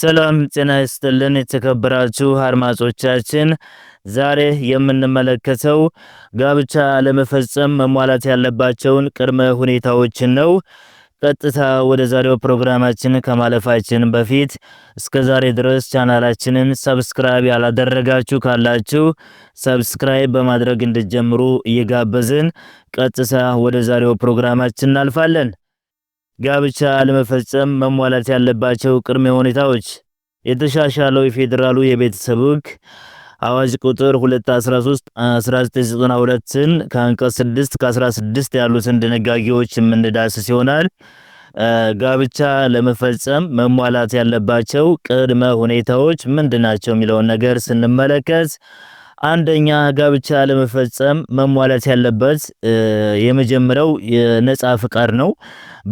ሰላም ጤና ይስጥልን የተከበራችሁ አድማጮቻችን፣ ዛሬ የምንመለከተው ጋብቻ ለመፈጸም መሟላት ያለባቸውን ቅድመ ሁኔታዎችን ነው። ቀጥታ ወደ ዛሬው ፕሮግራማችን ከማለፋችን በፊት እስከ ዛሬ ድረስ ቻናላችንን ሰብስክራይብ ያላደረጋችሁ ካላችሁ ሰብስክራይብ በማድረግ እንድጀምሩ እየጋበዝን ቀጥታ ወደ ዛሬው ፕሮግራማችን እናልፋለን። ጋብቻ ለመፈጸም መሟላት ያለባቸው ቅድመ ሁኔታዎች የተሻሻለው የፌዴራሉ የቤተሰብ ሕግ አዋጅ ቁጥር 213 1992ን ከአንቀጽ 6 ከ16 ያሉትን ድንጋጌዎች የምንዳስስ ይሆናል። ጋብቻ ለመፈጸም መሟላት ያለባቸው ቅድመ ሁኔታዎች ምንድናቸው የሚለውን ነገር ስንመለከት አንደኛ ጋብቻ ለመፈጸም መሟላት ያለበት የመጀመሪያው የነጻ ፍቃድ ነው።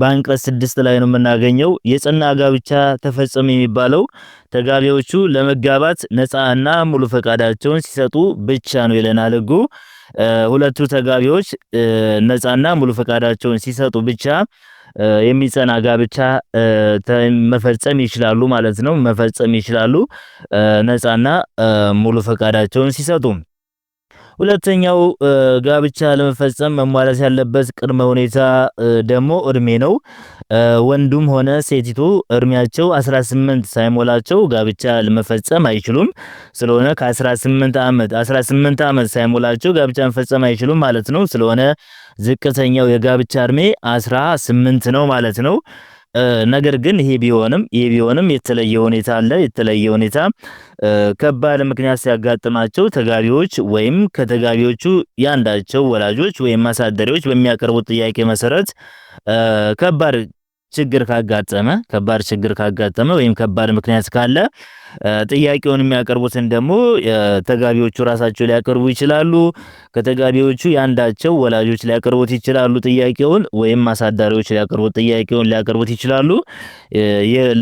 በአንቀጽ ስድስት ላይ ነው የምናገኘው። የጸና ጋብቻ ተፈጸመ የሚባለው ተጋቢዎቹ ለመጋባት ነጻና ሙሉ ፈቃዳቸውን ሲሰጡ ብቻ ነው ይለናል ሕጉ። ሁለቱ ተጋቢዎች ነጻና ሙሉ ፈቃዳቸውን ሲሰጡ ብቻ የሚጸና ጋብቻ መፈጸም ይችላሉ ማለት ነው። መፈጸም ይችላሉ ነፃና ሙሉ ፈቃዳቸውን ሲሰጡ ሁለተኛው ጋብቻ ለመፈጸም መሟላት ያለበት ቅድመ ሁኔታ ደግሞ እድሜ ነው። ወንዱም ሆነ ሴቲቱ እድሜያቸው 18 ሳይሞላቸው ጋብቻ ለመፈጸም አይችሉም። ስለሆነ ከ18 ዓመት 18 ዓመት ሳይሞላቸው ጋብቻ መፈጸም አይችሉም ማለት ነው። ስለሆነ ዝቅተኛው የጋብቻ እድሜ 18 ነው ማለት ነው። ነገር ግን ይሄ ቢሆንም ይሄ ቢሆንም የተለየ ሁኔታ አለ። የተለየ ሁኔታ ከባድ ምክንያት ሲያጋጥማቸው ተጋቢዎች ወይም ከተጋቢዎቹ ያንዳቸው ወላጆች ወይም አሳደሪዎች በሚያቀርቡት ጥያቄ መሰረት ከባድ ችግር ካጋጠመ ከባድ ችግር ካጋጠመ ወይም ከባድ ምክንያት ካለ ጥያቄውን የሚያቀርቡትን ደግሞ ተጋቢዎቹ ራሳቸው ሊያቀርቡ ይችላሉ። ከተጋቢዎቹ ያንዳቸው ወላጆች ሊያቀርቡት ይችላሉ ጥያቄውን፣ ወይም አሳዳሪዎች ሊያቀርቡት ጥያቄውን ሊያቀርቡት ይችላሉ።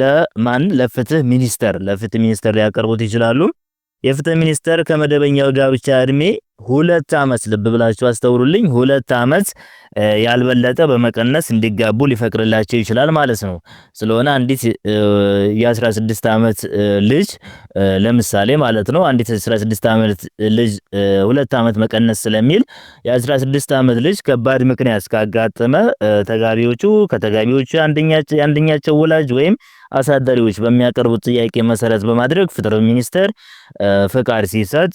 ለማን? ለፍትህ ሚኒስተር፣ ለፍትህ ሚኒስተር ሊያቀርቡት ይችላሉ። የፍትህ ሚኒስተር ከመደበኛው ጋብቻ እድሜ ሁለት ዓመት ልብ ብላችሁ አስተውሩልኝ ሁለት ዓመት ያልበለጠ በመቀነስ እንዲጋቡ ሊፈቅድላቸው ይችላል ማለት ነው። ስለሆነ አንዲት የ16 ዓመት ልጅ ለምሳሌ ማለት ነው አንዲት 16 ዓመት ልጅ ሁለት ዓመት መቀነስ ስለሚል የ16 ዓመት ልጅ ከባድ ምክንያት ካጋጠመ ተጋቢዎቹ ከተጋቢዎቹ አንደኛቸው ወላጅ ወይም አሳዳሪዎች በሚያቀርቡት ጥያቄ መሰረት በማድረግ ፍትህ ሚኒስቴር ፍቃድ ሲሰጥ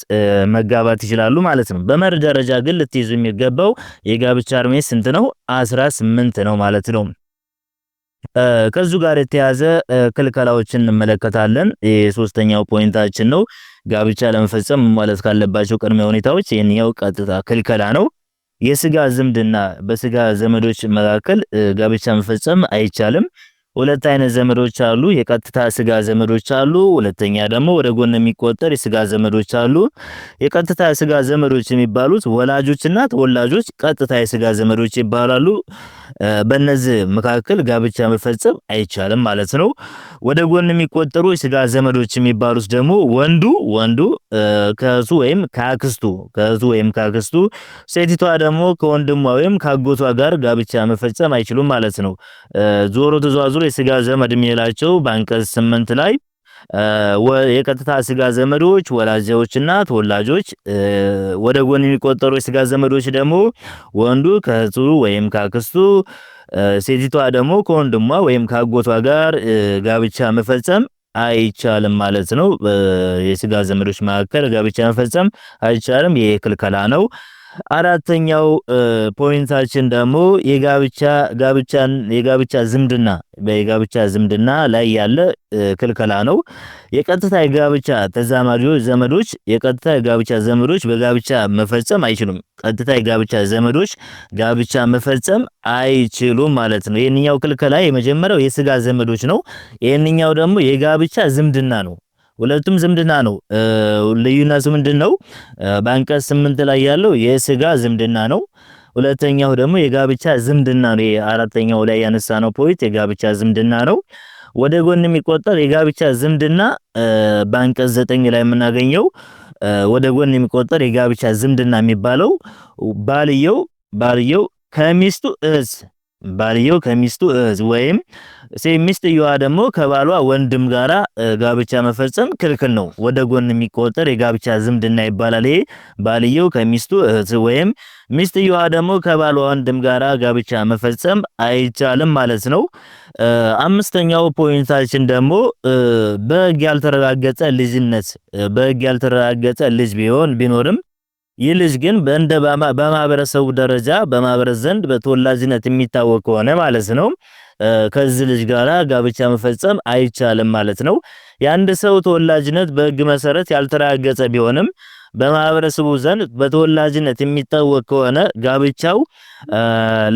መጋባት ይችላሉ ማለት ነው። በመርህ ደረጃ ግን ልትይዙ የሚገባው የጋብቻ እድሜ ስንት ነው? 18 ነው ማለት ነው። ከዙ ጋር የተያዘ ክልከላዎችን እንመለከታለን። የሶስተኛው ፖይንታችን ነው። ጋብቻ ለመፈጸም ማለት ካለባቸው ቅድመ ሁኔታዎች ይህኛው ቀጥታ ክልከላ ነው። የስጋ ዝምድና በስጋ ዘመዶች መካከል ጋብቻ መፈጸም አይቻልም። ሁለት አይነት ዘመዶች አሉ። የቀጥታ ስጋ ዘመዶች አሉ። ሁለተኛ ደግሞ ወደ ጎን የሚቆጠር የስጋ ዘመዶች አሉ። የቀጥታ ስጋ ዘመዶች የሚባሉት ወላጆችና ተወላጆች ቀጥታ የስጋ ዘመዶች ይባላሉ። በነዚህ መካከል ጋብቻ መፈጸም አይቻልም ማለት ነው። ወደ ጎን የሚቆጠሩ የስጋ ዘመዶች የሚባሉት ደግሞ ወንዱ ወንዱ ከእሱ ወይም ከአክስቱ ከእሱ ወይም ከአክስቱ፣ ሴቲቷ ደግሞ ከወንድሟ ወይም ከአጎቷ ጋር ጋብቻ መፈጸም አይችሉም ማለት ነው። ዞሮ ተዘዋዝሮ የስጋ ዘመድ የሚላቸው በአንቀጽ ስምንት ላይ የቀጥታ ስጋ ዘመዶች ወላጆችና ተወላጆች፣ ወደ ጎን የሚቆጠሩ የስጋ ዘመዶች ደግሞ ወንዱ ከእህቱ ወይም ካክስቱ ሴቲቷ ደግሞ ከወንድሟ ወይም ካጎቷ ጋር ጋብቻ መፈጸም አይቻልም ማለት ነው። የስጋ ዘመዶች መካከል ጋብቻ መፈጸም አይቻልም። ይህ ክልከላ ነው። አራተኛው ፖይንታችን ደግሞ የጋብቻ ጋብቻን የጋብቻ ዝምድና በየጋብቻ ዝምድና ላይ ያለ ክልከላ ነው። የቀጥታ የጋብቻ ተዛማጆች ዘመዶች የቀጥታ የጋብቻ ዘመዶች በጋብቻ መፈጸም አይችሉም። ቀጥታ የጋብቻ ዘመዶች ጋብቻ መፈጸም አይችሉም ማለት ነው። ይህንኛው ክልከላ የመጀመሪያው የስጋ ዘመዶች ነው። ይህንኛው ደግሞ የጋብቻ ዝምድና ነው። ሁለቱም ዝምድና ነው። ልዩነቱ ምንድን ነው? በአንቀጽ ስምንት ላይ ያለው የስጋ ዝምድና ነው። ሁለተኛው ደግሞ የጋብቻ ዝምድና ነው። አራተኛው ላይ ያነሳ ነው ፖይንት የጋብቻ ዝምድና ነው። ወደ ጎን የሚቆጠር የጋብቻ ዝምድና በአንቀጽ ዘጠኝ ላይ የምናገኘው ወደ ጎን የሚቆጠር የጋብቻ ዝምድና የሚባለው ባልየው ባልየው ከሚስቱ እህት ባልየው ከሚስቱ እህት ወይም ሚስትየዋ ደግሞ ከባሏ ወንድም ጋራ ጋብቻ መፈጸም ክልክል ነው። ወደ ጎን የሚቆጠር የጋብቻ ዝምድና ይባላል። ይሄ ባልየው ከሚስቱ እህት ወይም ሚስትየዋ ደግሞ ከባሏ ወንድም ጋራ ጋብቻ መፈጸም አይቻልም ማለት ነው። አምስተኛው ፖይንታችን ደግሞ በሕግ ያልተረጋገጠ ልጅነት በህግ ያልተረጋገጠ ልጅ ቢሆን ቢኖርም ይህ ልጅ ግን በእንደ በማህበረሰቡ ደረጃ በማህበረሰብ ዘንድ በተወላጅነት የሚታወቅ ከሆነ ማለት ነው ከዚህ ልጅ ጋራ ጋብቻ መፈጸም አይቻልም ማለት ነው። የአንድ ሰው ተወላጅነት በህግ መሰረት ያልተረጋገጸ ቢሆንም በማህበረሰቡ ዘንድ በተወላጅነት የሚታወቅ ከሆነ ጋብቻው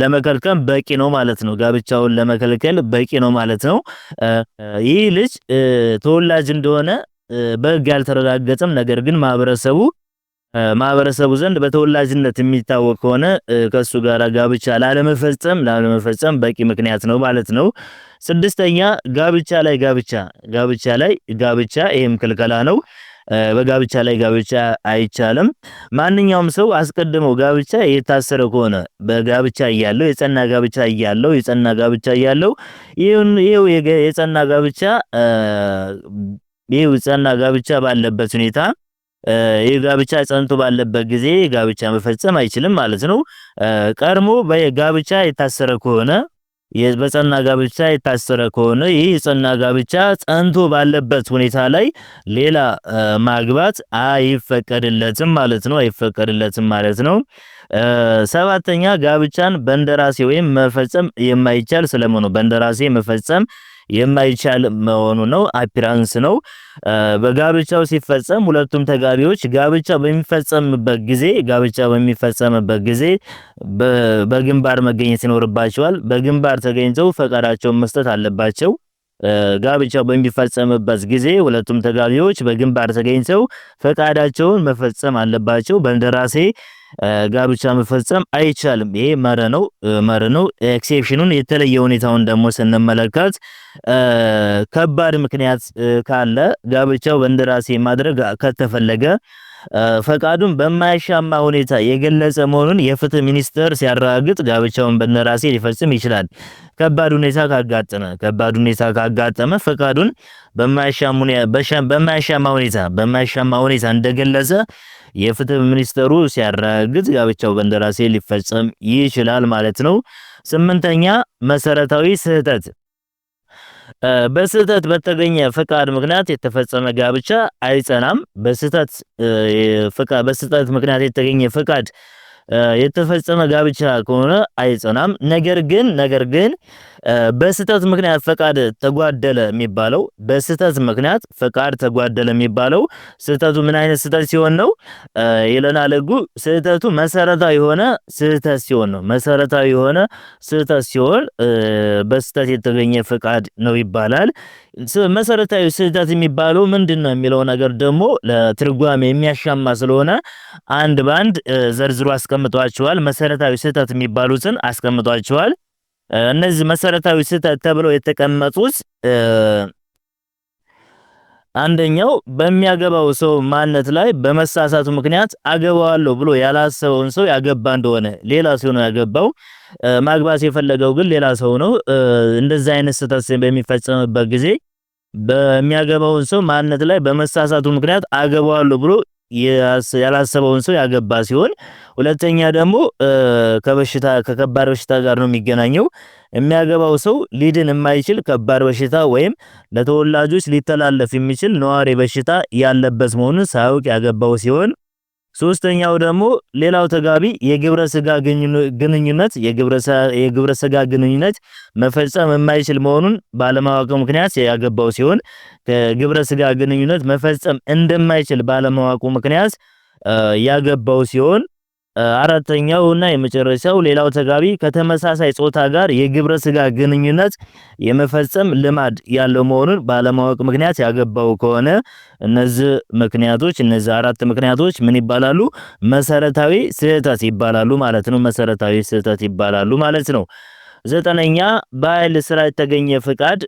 ለመከልከል በቂ ነው ማለት ነው። ጋብቻውን ለመከልከል በቂ ነው ማለት ነው። ይህ ልጅ ተወላጅ እንደሆነ በህግ ያልተረጋገጸም ነገር ግን ማህበረሰቡ ማህበረሰቡ ዘንድ በተወላጅነት የሚታወቅ ከሆነ ከሱ ጋር ጋብቻ ላለመፈጸም ላለመፈጸም በቂ ምክንያት ነው ማለት ነው። ስድስተኛ ጋብቻ ላይ ጋብቻ ጋብቻ ላይ ጋብቻ ይህም ክልከላ ነው። በጋብቻ ላይ ጋብቻ አይቻልም። ማንኛውም ሰው አስቀድመው ጋብቻ የታሰረ ከሆነ በጋብቻ እያለው የጸና ጋብቻ እያለው የጸና ጋብቻ እያለው ይሄው የጸና ጋብቻ ይሄው ጸና ጋብቻ ባለበት ሁኔታ የጋብቻ ጸንቶ ባለበት ጊዜ ጋብቻ መፈጸም አይችልም ማለት ነው። ቀድሞ በጋብቻ የታሰረ ከሆነ በጸና ጋብቻ የታሰረ ከሆነ ይህ የጸና ጋብቻ ጸንቶ ባለበት ሁኔታ ላይ ሌላ ማግባት አይፈቀድለትም ማለት ነው። አይፈቀድለትም ማለት ነው። ሰባተኛ ጋብቻን በእንደራሴ ወይም መፈጸም የማይቻል ስለመሆኑ በእንደራሴ መፈጸም የማይቻል መሆኑ ነው። አፒራንስ ነው። በጋብቻው ሲፈጸም ሁለቱም ተጋቢዎች ጋብቻ በሚፈጸምበት ጊዜ ጋብቻ በሚፈጸምበት ጊዜ በግንባር መገኘት ይኖርባቸዋል። በግንባር ተገኝተው ፈቃዳቸውን መስጠት አለባቸው። ጋብቻው በሚፈጸምበት ጊዜ ሁለቱም ተጋቢዎች በግንባር ተገኝተው ፈቃዳቸውን መፈጸም አለባቸው። በእንደራሴ ጋብቻ መፈጸም አይቻልም። ይሄ መረ ነው መረ ነው። ኤክሴፕሽኑን የተለየ ሁኔታውን ደግሞ ስንመለከት ከባድ ምክንያት ካለ ጋብቻው በእንደራሴ ማድረግ ከተፈለገ ፈቃዱን በማያሻማ ሁኔታ የገለጸ መሆኑን የፍትህ ሚኒስቴር ሲያረጋግጥ ጋብቻውን በነራሴ ሊፈጽም ይችላል። ከባድ ሁኔታ ካጋጠመ ከባድ ሁኔታ ካጋጠመ ፈቃዱን በማያሻማ ሁኔታ በማያሻማ ሁኔታ እንደገለጸ የፍትህ ሚኒስቴሩ ሲያረጋግጥ ጋብቻው በነራሴ ሊፈጽም ይችላል ማለት ነው። ስምንተኛ መሰረታዊ ስህተት በስህተት በተገኘ ፍቃድ ምክንያት የተፈጸመ ጋብቻ አይጸናም። በስህተት ፍቃድ በስህተት ምክንያት የተገኘ ፍቃድ የተፈጸመ ጋብቻ ከሆነ አይጸናም። ነገር ግን ነገር ግን በስህተት ምክንያት ፈቃድ ተጓደለ የሚባለው በስህተት ምክንያት ፈቃድ ተጓደለ የሚባለው ስህተቱ ምን አይነት ስህተት ሲሆን ነው ይለናል ሕጉ። ስህተቱ መሰረታዊ የሆነ ስህተት ሲሆን ነው። መሰረታዊ የሆነ ስህተት ሲሆን በስህተት የተገኘ ፈቃድ ነው ይባላል። መሰረታዊ ስህተት የሚባለው ምንድን ነው የሚለው ነገር ደግሞ ለትርጓሜ የሚያሻማ ስለሆነ አንድ በአንድ ዘርዝሮ አስቀ አስቀምጧቸዋል። መሰረታዊ ስህተት የሚባሉትን አስቀምጧቸዋል። እነዚህ መሰረታዊ ስህተት ተብለው የተቀመጡት አንደኛው በሚያገባው ሰው ማንነት ላይ በመሳሳቱ ምክንያት አገባዋለሁ ብሎ ያላሰበውን ሰው ያገባ እንደሆነ ሌላ ሰው ነው ያገባው፣ ማግባት የፈለገው ግን ሌላ ሰው ነው። እንደዚህ አይነት ስህተት በሚፈጸምበት ጊዜ በሚያገባውን ሰው ማንነት ላይ በመሳሳቱ ምክንያት አገባዋለሁ ብሎ ያላሰበውን ሰው ያገባ ሲሆን፣ ሁለተኛ ደግሞ ከበሽታ ከከባድ በሽታ ጋር ነው የሚገናኘው። የሚያገባው ሰው ሊድን የማይችል ከባድ በሽታ ወይም ለተወላጆች ሊተላለፍ የሚችል ነዋሪ በሽታ ያለበት መሆኑን ሳያውቅ ያገባው ሲሆን ሶስተኛው ደግሞ ሌላው ተጋቢ የግብረ ስጋ ግንኙነት የግብረ ስጋ ግንኙነት መፈጸም የማይችል መሆኑን ባለማወቅ ምክንያት ያገባው ሲሆን ከግብረ ስጋ ግንኙነት መፈጸም እንደማይችል ባለማወቁ ምክንያት ያገባው ሲሆን አራተኛው እና የመጨረሻው ሌላው ተጋቢ ከተመሳሳይ ጾታ ጋር የግብረ ስጋ ግንኙነት የመፈጸም ልማድ ያለው መሆኑን ባለማወቅ ምክንያት ያገባው ከሆነ እነዚህ ምክንያቶች እነዚህ አራት ምክንያቶች ምን ይባላሉ? መሰረታዊ ስህተት ይባላሉ ማለት ነው። መሰረታዊ ስህተት ይባላሉ ማለት ነው። ዘጠነኛ በኃይል ስራ የተገኘ ፍቃድ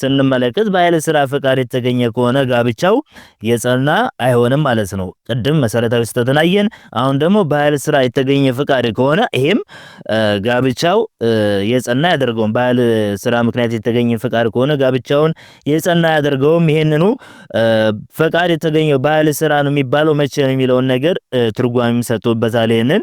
ስንመለከት በኃይል ስራ ፍቃድ የተገኘ ከሆነ ጋብቻው የጸና አይሆንም ማለት ነው። ቅድም መሰረታዊ ስህተትን አየን። አሁን ደግሞ በኃይል ስራ የተገኘ ፍቃድ ከሆነ ይሄም ጋብቻው የጸና ያደርገውም። በኃይል ስራ ምክንያት የተገኘ ፍቃድ ከሆነ ጋብቻውን የጸና ያደርገውም። ይሄንኑ ፍቃድ የተገኘው በኃይል ስራ ነው የሚባለው መቼ ነው የሚለውን ነገር ትርጓሜም ሰጥቶበታል። ይሄንን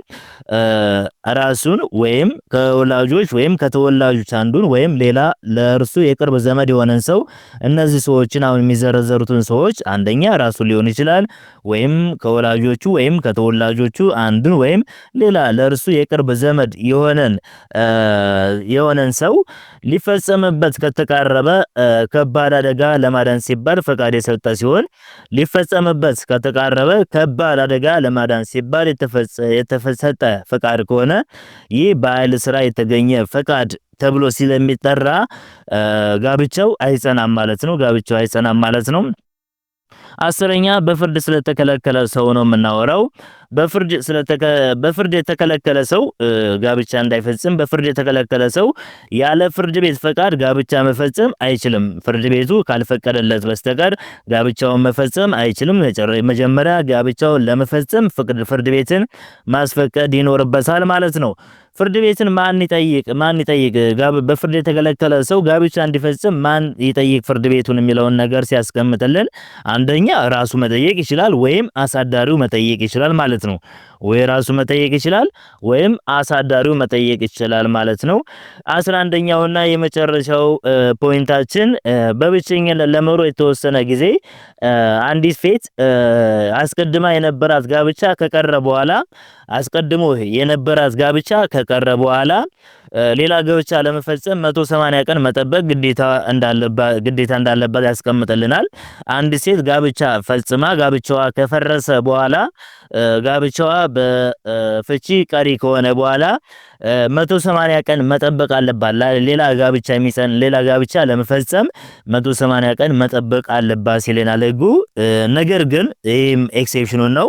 ራሱን ወይም ከወላጆች ወይም ከተወላጆች አንዱን ወይም ሌላ ለእርሱ የቅርብ ዘመድ የሆነን ሰው እነዚህ ሰዎችን አሁን የሚዘረዘሩትን ሰዎች አንደኛ ራሱ ሊሆን ይችላል ወይም ከወላጆቹ ወይም ከተወላጆቹ አንዱን ወይም ሌላ ለእርሱ የቅርብ ዘመድ የሆነን የሆነን ሰው ሊፈጸምበት ከተቃረበ ከባድ አደጋ ለማዳን ሲባል ፈቃድ የሰጠ ሲሆን ሊፈጸምበት ከተቃረበ ከባድ አደጋ ለማዳን ሲባል የተሰጠ ፈቃድ ከሆነ ይህ በኃይል ስራ የተገኘ ፈቃድ ተብሎ ስለሚጠራ ጋብቻው አይጸናም ማለት ነው። ጋብቻው አይጸናም ማለት ነው። አስረኛ በፍርድ ስለተከለከለ ሰው ነው የምናወራው። በፍርድ የተከለከለ ሰው ጋብቻ እንዳይፈጽም በፍርድ የተከለከለ ሰው ያለ ፍርድ ቤት ፈቃድ ጋብቻ መፈጸም አይችልም። ፍርድ ቤቱ ካልፈቀደለት በስተቀር ጋብቻውን መፈጸም አይችልም። መጀመሪያ ጋብቻውን ለመፈጸም ፍርድ ቤትን ማስፈቀድ ይኖርበታል ማለት ነው። ፍርድ ቤትን ማን ይጠይቅ? ማን ይጠይቅ? በፍርድ የተከለከለ ሰው ጋብቻ እንዲፈጽም ማን ይጠይቅ ፍርድ ቤቱን የሚለውን ነገር ሲያስቀምጥልን፣ አንደኛ ራሱ መጠየቅ ይችላል፣ ወይም አሳዳሪው መጠየቅ ይችላል ማለት ማለት ነው። ወይ ራሱ መጠየቅ ይችላል ወይም አሳዳሪው መጠየቅ ይችላል ማለት ነው። አስራ አንደኛውና የመጨረሻው ፖይንታችን በብቸኝነት ለመሮ የተወሰነ ጊዜ አንዲት ሴት አስቀድማ የነበራት ጋብቻ ከቀረ በኋላ አስቀድሞ የነበራት ጋብቻ ከቀረ በኋላ ሌላ ጋብቻ ለመፈጸም 180 ቀን መጠበቅ ግዴታ እንዳለባት ግዴታ እንዳለባት ያስቀምጥልናል። አንድ ሴት ጋብቻ ፈጽማ ጋብቻዋ ከፈረሰ በኋላ ጋብቻዋ በፍቺ ቀሪ ከሆነ በኋላ 180 ቀን መጠበቅ አለባት። ሌላ ጋብቻ የሚሰን ሌላ ጋብቻ ለመፈጸም 180 ቀን መጠበቅ አለባት ሲለናል ሕጉ። ነገር ግን ይህም ኤክሴፕሽኑን ነው።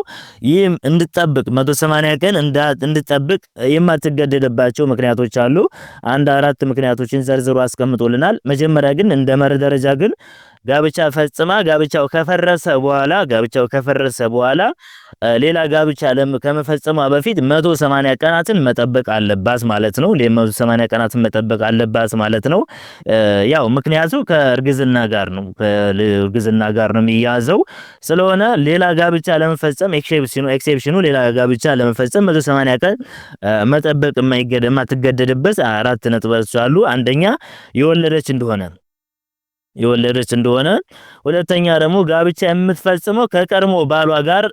ይህም እንድጠብቅ 180 ቀን እንድጠብቅ የማትገደደባቸው ምክንያቶች አሉ። አንድ አራት ምክንያቶችን ዘርዝሮ አስቀምጦልናል። መጀመሪያ ግን እንደ መርህ ደረጃ ግን ጋብቻ ፈጽማ ጋብቻው ከፈረሰ በኋላ ጋብቻው ከፈረሰ በኋላ ሌላ ጋብቻ ከመፈጸሟ በፊት 180 ቀናትን መጠበቅ አለባት ማለት ነው። ለ180 ቀናትን መጠበቅ አለባት ማለት ነው። ያው ምክንያቱ ከእርግዝና ጋር ነው፣ ከእርግዝና ጋር ነው የሚያዘው። ስለሆነ ሌላ ጋብቻ ለመፈጸም ኤክሴፕሽኑ ኤክሴፕሽኑ ሌላ ጋብቻ ለመፈጸም 180 ቀን መጠበቅ የማይገደማ ትገደድበት አራት ነጥቦች አሉ። አንደኛ የወለደች እንደሆነ የወለደች እንደሆነ፣ ሁለተኛ ደግሞ ጋብቻ የምትፈጽመው ከቀድሞ ባሏ ጋር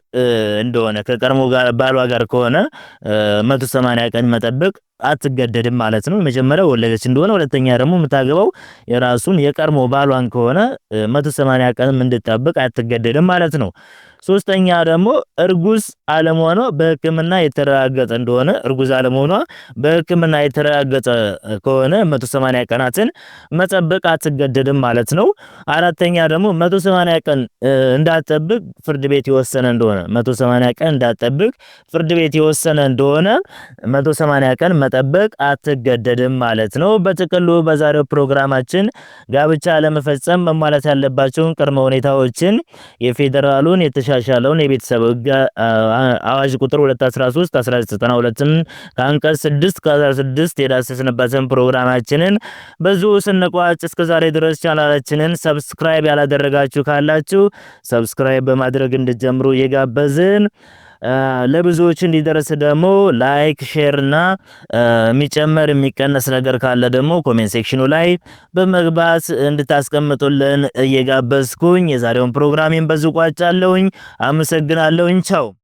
እንደሆነ ከቀድሞ ባሏ ጋር ከሆነ 180 ቀን መጠበቅ አትገደድም ማለት ነው። መጀመሪያ ወለደች እንደሆነ፣ ሁለተኛ ደግሞ የምታገባው የራሱን የቀድሞ ባሏን ከሆነ 180 ቀንም እንድጠብቅ አትገደድም ማለት ነው። ሶስተኛ ደግሞ እርጉዝ አለመሆኗ በሕክምና የተረጋገጠ እንደሆነ እርጉዝ አለመሆኗ በሕክምና የተረጋገጠ ከሆነ 180 ቀናትን መጠበቅ አትገደድም ማለት ነው። አራተኛ ደግሞ 180 ቀን እንዳትጠብቅ ፍርድ ቤት የወሰነ እንደሆነ 180 ቀን እንዳትጠብቅ ፍርድ ቤት የወሰነ እንደሆነ 180 ቀን መጠበቅ አትገደድም ማለት ነው። በጥቅሉ በዛሬው ፕሮግራማችን ጋብቻ ለመፈጸም መሟላት ያለባቸውን ቅድመ ሁኔታዎችን የፌዴራሉን የተሻ የተሻሻለውን የቤተሰብ አዋጅ ቁጥር 213 1992ን ከአንቀጽ 6 ከ16 የዳሰስንበትን ፕሮግራማችንን ብዙ ስንቋጭ እስከዛሬ ድረስ ቻናላችንን ሰብስክራይብ ያላደረጋችሁ ካላችሁ ሰብስክራይብ በማድረግ እንድጀምሩ የጋበዝን ለብዙዎች እንዲደርስ ደግሞ ላይክ፣ ሼር እና የሚጨመር የሚቀነስ ነገር ካለ ደግሞ ኮሜንት ሴክሽኑ ላይ በመግባት እንድታስቀምጡልን እየጋበዝኩኝ የዛሬውን ፕሮግራሜን በዚሁ ቋጫለሁኝ። አመሰግናለሁኝ። ቻው